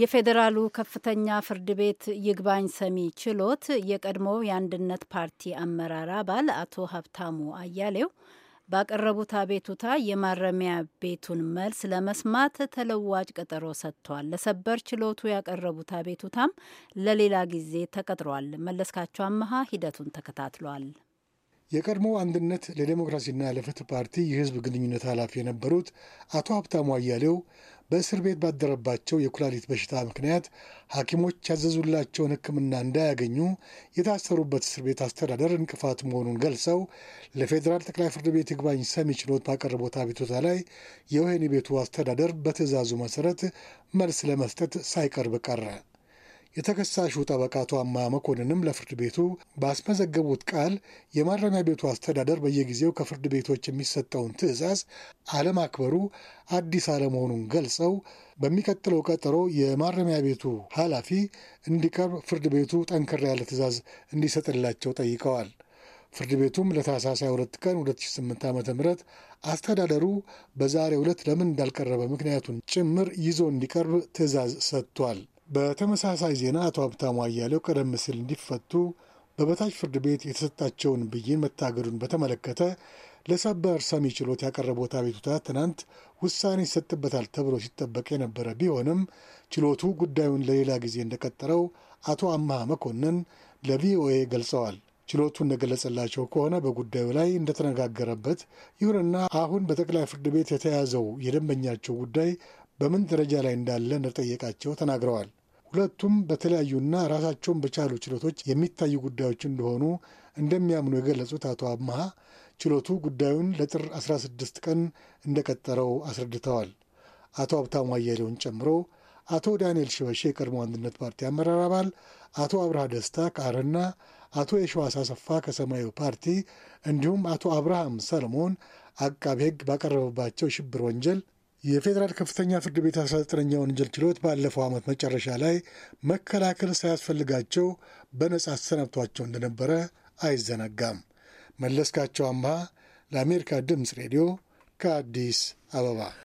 የፌዴራሉ ከፍተኛ ፍርድ ቤት ይግባኝ ሰሚ ችሎት የቀድሞው የአንድነት ፓርቲ አመራር አባል አቶ ሀብታሙ አያሌው ባቀረቡት አቤቱታ የማረሚያ ቤቱን መልስ ለመስማት ተለዋጭ ቀጠሮ ሰጥቷል። ለሰበር ችሎቱ ያቀረቡት አቤቱታም ለሌላ ጊዜ ተቀጥሯል። መለስካቸው አመሃ ሂደቱን ተከታትሏል። የቀድሞ አንድነት ለዴሞክራሲና ለፍትህ ፓርቲ የህዝብ ግንኙነት ኃላፊ የነበሩት አቶ ሀብታሙ አያሌው በእስር ቤት ባደረባቸው የኩላሊት በሽታ ምክንያት ሐኪሞች ያዘዙላቸውን ሕክምና እንዳያገኙ የታሰሩበት እስር ቤት አስተዳደር እንቅፋት መሆኑን ገልጸው ለፌዴራል ጠቅላይ ፍርድ ቤት ይግባኝ ሰሚ ችሎት ባቀረቡት አቤቱታ ላይ የወህኒ ቤቱ አስተዳደር በትዕዛዙ መሰረት መልስ ለመስጠት ሳይቀርብ ቀረ። የተከሳሹ ጠበቃ አማ መኮንንም ለፍርድ ቤቱ ባስመዘገቡት ቃል የማረሚያ ቤቱ አስተዳደር በየጊዜው ከፍርድ ቤቶች የሚሰጠውን ትዕዛዝ አለማክበሩ አዲስ አለመሆኑን ገልጸው በሚቀጥለው ቀጠሮ የማረሚያ ቤቱ ኃላፊ እንዲቀርብ ፍርድ ቤቱ ጠንከር ያለ ትዕዛዝ እንዲሰጥላቸው ጠይቀዋል። ፍርድ ቤቱም ለታህሳስ 22 ቀን 2008 ዓ ም አስተዳደሩ በዛሬ ዕለት ለምን እንዳልቀረበ ምክንያቱን ጭምር ይዞ እንዲቀርብ ትዕዛዝ ሰጥቷል። በተመሳሳይ ዜና አቶ ሀብታሙ አያሌው ቀደም ሲል እንዲፈቱ በበታች ፍርድ ቤት የተሰጣቸውን ብይን መታገዱን በተመለከተ ለሰበር ሰሚ ችሎት ያቀረቡት አቤቱታ ትናንት ውሳኔ ይሰጥበታል ተብሎ ሲጠበቅ የነበረ ቢሆንም ችሎቱ ጉዳዩን ለሌላ ጊዜ እንደቀጠረው አቶ አምሃ መኮንን ለቪኦኤ ገልጸዋል። ችሎቱ እንደገለጸላቸው ከሆነ በጉዳዩ ላይ እንደተነጋገረበት፣ ይሁንና አሁን በጠቅላይ ፍርድ ቤት የተያዘው የደንበኛቸው ጉዳይ በምን ደረጃ ላይ እንዳለ እንደጠየቃቸው ተናግረዋል። ሁለቱም በተለያዩና ራሳቸውን በቻሉ ችሎቶች የሚታዩ ጉዳዮች እንደሆኑ እንደሚያምኑ የገለጹት አቶ አብመሀ ችሎቱ ጉዳዩን ለጥር 16 ቀን እንደቀጠረው አስረድተዋል። አቶ ሀብታሙ አያሌውን ጨምሮ አቶ ዳንኤል ሽበሺ የቀድሞ አንድነት ፓርቲ አመራር አባል፣ አቶ አብርሃ ደስታ ከአረና፣ አቶ የሸዋስ አሰፋ ከሰማያዊ ፓርቲ እንዲሁም አቶ አብርሃም ሰለሞን አቃቤ ሕግ ባቀረበባቸው ሽብር ወንጀል የፌዴራል ከፍተኛ ፍርድ ቤት 19ኛ ወንጀል ችሎት ባለፈው ዓመት መጨረሻ ላይ መከላከል ሳያስፈልጋቸው በነጻ አሰናብቷቸው እንደነበረ አይዘነጋም። መለስካቸው አምሃ ለአሜሪካ ድምፅ ሬዲዮ ከአዲስ አበባ